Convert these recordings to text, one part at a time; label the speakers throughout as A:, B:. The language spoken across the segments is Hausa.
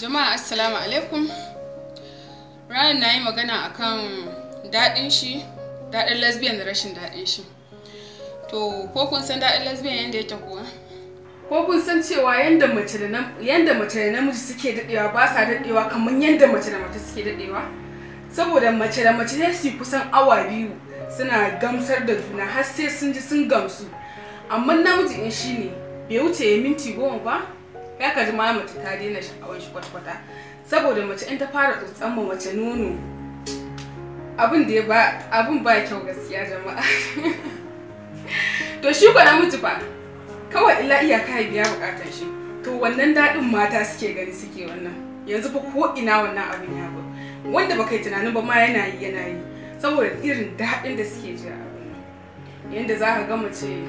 A: jama'a assalamu alaikum ranar na yi magana akan daɗin shi daɗin lesbian da rashin daɗin shi to ko kun san daɗin lesbian yadda yake kuwa ko kun san cewa yadda mace da namiji suke daɗewa ba sa daɗewa kamar yadda mace da mace suke daɗewa saboda mace da mace ne su kusan awa biyu suna gamsar da juna har sai sun ji sun gamsu amma namiji in shi ne bai wuce ya minti goma ba ya ka ji ma mace ta daina sha'awar shi kwata-kwata saboda mace in ta fara tsotsan ma mace nono abin da ba abin ba kyau gaskiya jama'a to shi ko miji fa kawai illa iyaka ya biya bukatar shi to wannan daɗin mata suke gani suke wannan yanzu fa ko ina wannan abin ya ba wanda baka yi tunanin ba ma yana yi yana yi saboda irin daɗin da suke ji a abin nan. yanda za ka ga mace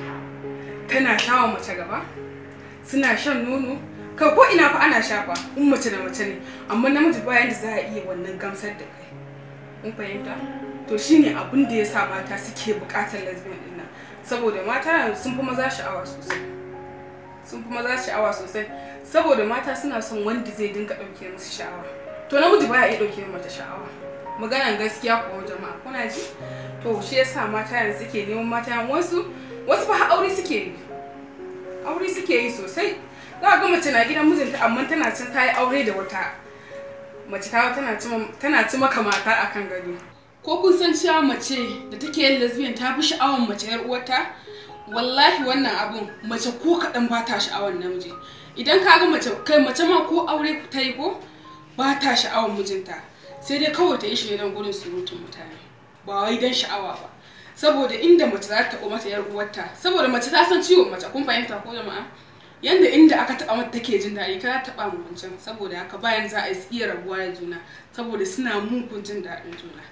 A: tana shawa mace gaba suna shan nono ka ko ina fa ana shafa in mace da mace ne amma namiji bayan yanda za a iya wannan gamsar da kai in fahimta to shine abin da ya sa mata suke buƙatar lesbian din nan saboda mata sun fi maza sha'awa sosai sun fi maza sha'awa sosai saboda mata suna son wanda zai dinga ɗauke musu sha'awa to namiji baya iya ɗauke mata sha'awa maganan gaskiya ko jama'a kuna ji to shi yasa mata yanzu suke neman mata wasu wasu fa aure suke yi aure suke yi sosai za ga mace na gidan mijinta amma tana cin ta yi aure da wata mace ta tana ci maka mata akan gado ko kun san cewa mace da take yin lesbian ta fi sha'awar mace yar uwarta wallahi wannan abun mace ko kaɗan ba ta sha'awar namiji idan ka ga mace kai mace ma ko aure ta yi ko ba ta sha'awar mijinta sai dai kawai ta yi shi ne don gudun surutun mutane ba wai don sha'awa ba saboda inda mace za ta taɓa mata yar uwarta saboda mace ta san ciwon mace kun fahimta ko jama'a yanda inda aka taɓa mata take jin daɗi ta taba mu wancan saboda haka bayan za a iya rabuwa da juna saboda suna mugun jin daɗin juna